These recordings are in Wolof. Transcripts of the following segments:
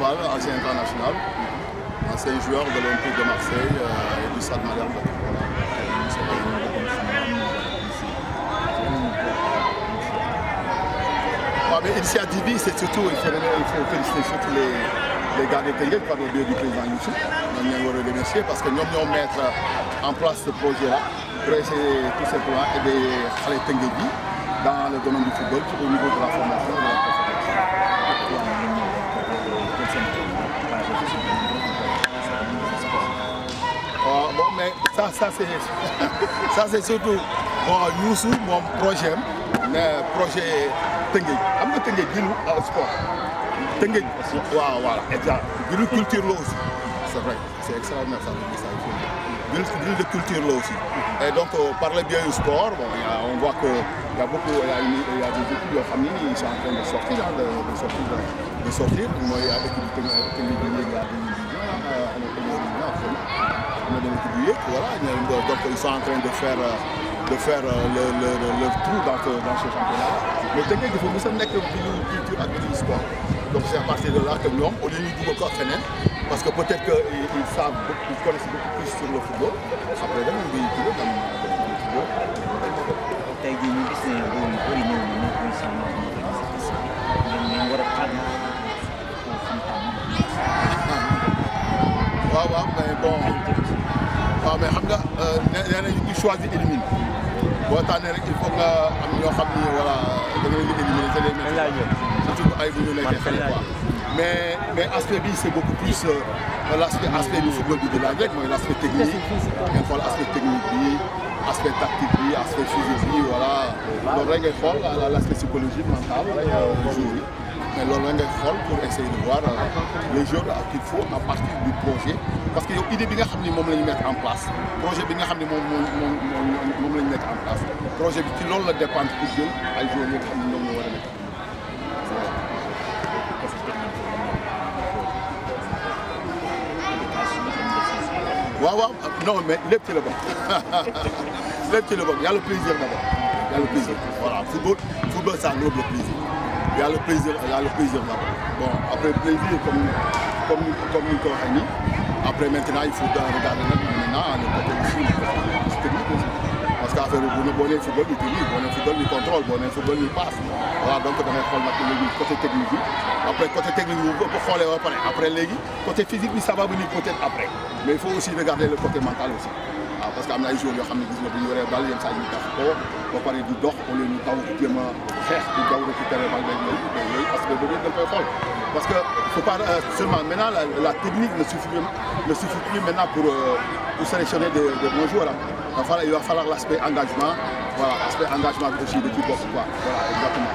Fall, ancien international, ancien joueur de l'Olympique de Marseille euh, et du Stade Malherbe. Ah, mais initiative bi c'est surtout il faut il faut féliciter surtout les les gars de Teungueth par le biais du président Youssou ñoom ñoo war a remercier parce que ñoom ñoo mettre euh, en place ce projet là pour essayer tout simplement aider xale Teungueth bi dans le domaine du football au niveau de la formation de la ça ça c'est ça c'est surtout bon Youssou moom projet am mais projet Tëngéej am na Tëngéej bi nu sport Tëngéej. waaw voilà exact bi nu culture la aussi c'est vrai c'est extraordinaire ça bi nu bi nu de culture la aussi. et donc euh, par le biais du sport bon on voit que y a beaucoup y a une y a des équipes yoo xam ni ils sont en train de sortir ah de de sortir de sortir mooy avec Tëngéej bi ñu ngi dina dem équipe yëpp voilà donc ils sont en train de faire de faire euh, le le le trou dans ce dans ce championnat mais Tëngéej dafa mos a nekk ci culture ak ci sport donc c' est à partir de là que ñoom au lieu ñu dugal ko ak feneen parce que peut-être que ils savent beaucoup ils connaissent beaucoup plus sur le football après dañu ngi dugal dans le football. tey jii ñu gis ne boobu ñu bëri ñëw nañu ñu seen war a xaar waaw waaw mais bon. choisir élimine boo tànnee rek il faut nga am ñoo xam ni voilà da nga leen liggéey day métti surtout que ay bu ñu nekkee xale quoi mais mais aspect bi c'est beaucoup plus euh, l'aspect aspect du football bi di laaj rek mooy l'aspect technique ngeen xool aspect technique bi aspect tactique bi aspect physique bi voilà loolu rek ngay xool l'aspect psychologique mental euh, jour yi mais loolu la ngay xool pour essayer de voir euh, les jeux là qu'il faut à partir du projet parce que yow idée bi nga xam ni moom la ñu mettre en place projet bi nga xam ni moom moom moom moom la ñu mettre en place projet bi ci loolu la dépendre pour jël ay joueurs yi nga xam ni waaw waaw non mais lépp ci la bokk lépp ci la bokk yàlla plaisir na bokk yàlla plaisir voilà football football ça englobe le plaisir yàlla plaisir yàlla plaisir na bokk bon après plaisir comme comme comme ni ñu ko waxee nii après maintenant il faut regarder nag maintenant le côté aussi affaire bu ne boo nee football bi tëli boo nee football contrôle boo nee football bi passe voilà donc da ngay xool nag léegi côté technique après côté technique bi bu xoolee ba pare après léegi côté physique bi ça va venir peut après mais il faut aussi regarder le côté mental aussi waaw parce que am na ay joueurs yoo xam ne gis nga bu ñu yoree bal yenn saa yi ñu tax ko ba pare du dox au lieu ñu taw jéem a xeex di daw récupérer bal beeg yooyu yooyu parce que boobu dañ koy xool parce que faut pas euh, seulement maintenant la la technique ne suffit ne suffit plus maintenant pour euh, pour sélectionner des des bons joueurs ah il va falloir l'aspect engagement voilà aspect engagement bi aussi da ciy bokk quoi voilà exactement.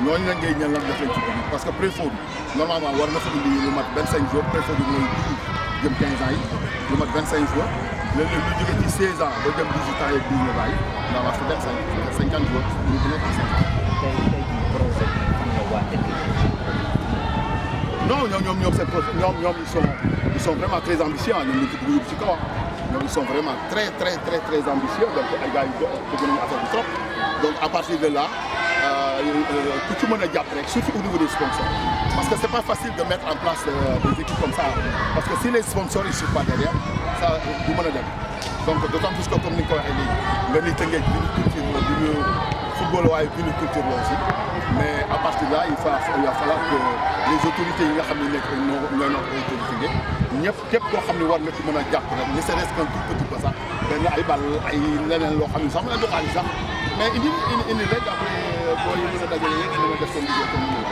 ñooñu la ngay ñan lan def lañ ci commune parce que préfet bi normalement war na fa indi lu mat vingt cinq jours préfet bi mooy jëm quinze ans yi lu mat vingt cinq jours léeg-léeg ñu jógee ci seize ans ba jëm dix huit ans yeeg dix neuf ans yi daa wax fa vingt cinq cinquante jours ñu bu nekk cinq ans non ñoom ñoom ñoom seen projet ñoom ñoom ils sont ils sont vraiment très ambitieux ñoom ñu ngi bëgg yóbbu ci kaw ñoom ils sont vraiment très très très très ambitieux donc ay gars yu bëgg nañu affaire bi trop donc à partir de là Euh, ku ci mën a jàpp rek surtout au niveau des sponsors parce que c' est pas facile de mettre en place euh, des équipes comme ça parce que si les sponsors ils sont pas derrière ça du mën a dem donc d' autant plus que comme ni nga ko waxee léegi nga ni Tëngéej bi ñu culture la bi ñu football waaye bi ñu culture la aussi mais à partir de là il va il va falloir que les autorités yi nga xam ne nekk ñoo ñooy notre autorité Tëngéej ñëpp képp koo xam ne war na ci mën a jàpp rek ne serait-ce qu'un tout petit peu sax benn ay ball ay leneen loo xam ne sax mën a joxaani sax mais indi indi rek après boo yi mën a dajale yëpp mën a def seen liggéey comme ni mu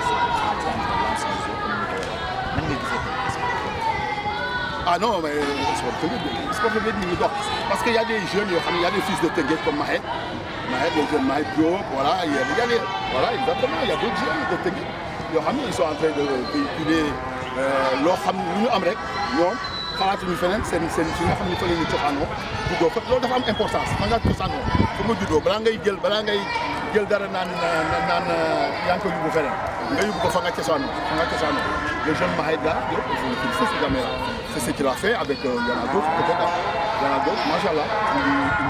ah non mais sport Tëngéej bi sport Tëngéej ñu ngi dox parce que y' a des jeunes yoo xam ne y' a des fils de Tëngéej comme Mahet Mahet les jeunes Mahet Diop voilà y' a des voilà exactement y' a d'autres jeunes de Tëngéej yoo xam ne ils sont en train de véhiculer loo xam lu ñu am rek ñoom. xalaatuñu feneen seen seen si nga xam ne fa la ñu cosaanoo buggoo fa juddoo balaa ngay jël balaa ngay jël dara naan naan yaa ngi ko yóbbu feneen nga yóbbu ko fa nga cosaanoo fa nga cosaanoo le jeune Mahaïda Diop je le félicite jamais là c'est ce qu'il a avec euh, Yana Diouf peut-être Yana Diouf macha allah ñu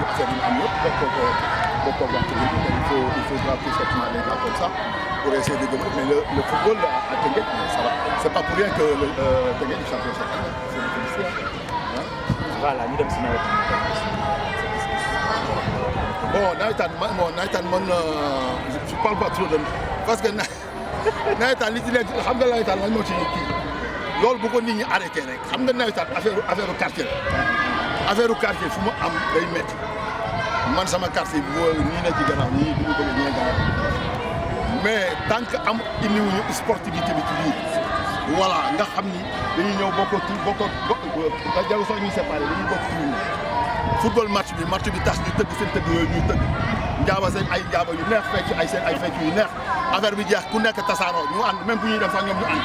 indi ko bokk ko pour essayer de le, football à, à Tenguet, ça C'est pas pour que le, euh, Tenguet est champion chaque année. C'est une félicité. Hein? Voilà, ñu dem si nawet bon nawetaan euh, pas trop que na nawetaan li ci xam nga moo ci loolu bu nit ñi arrêté rek xam nga nawetaan affaire affaire quartier la affaire quartier fu ma am day métti man sama quartier bi boo na ci gannaaw ñii bu ñu bëggee ñooy gannaaw. mais tant que am indiwuñu sportivité bi ci biir voilà nga xam ni dañuy ñëw bokkoo ci bokkoo ba jarul sax ñuy séparé dañuy bokk ci ñun football match bi match bi tas ñu tëgg seen tëgg yooyu ñuy tëgg njaaba seen ay njaaba yu neex fecc ay seen ay fecc yu neex affaire bi jeex ku nekk tasaaroo ñu ànd même bu ñuy dem sax ñoom ñu ànd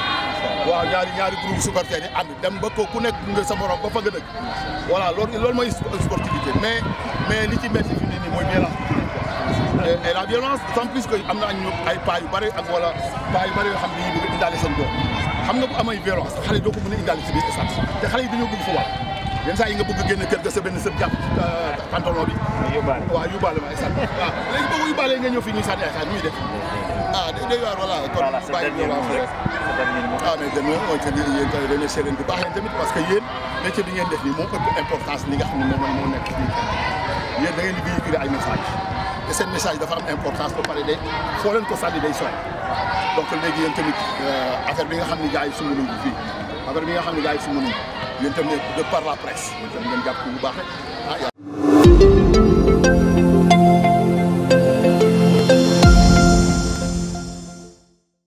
waaw ñaari ñaari groupe supporters yi ànd dem ba ko ku nekk nga sa morom ba fa nga dëkk voilà loolu loolu mooy sportivité mais mais li ci métti fi nii nii et la violence sans plus que am na ñu ay pas yu bëri ak wala pas xam ne dañuy bëgg indaale seen doom xam nga bu xale yi doo ko mën a indaale ci biir fu war yenn saa yi nga bëgg génn kër ga sa benn sët jàpp euh, pantalon bi waaw yóbbaale ma stade waaw léegi boo yóbbaale nga ñëw fii ñuy sànni ay xaar ñuy def ah day day waar voilà kon bàyyi ah, baax yéen tamit parce que yéen métier bi ngeen def nii moo ëpp importance li nga xam ne moom nekk fii yéen da ngeen di ay message te seen message dafa am importance ba pare day foo leen ko sànni day sonn donc léegi yéen tamit euh, affaire bi nga xam ne gars yi suñu nuñ fii nga xam ne gars yi suñu nuñ yéen tamit de par la presse yéen tamit ngeen jàpp bu baax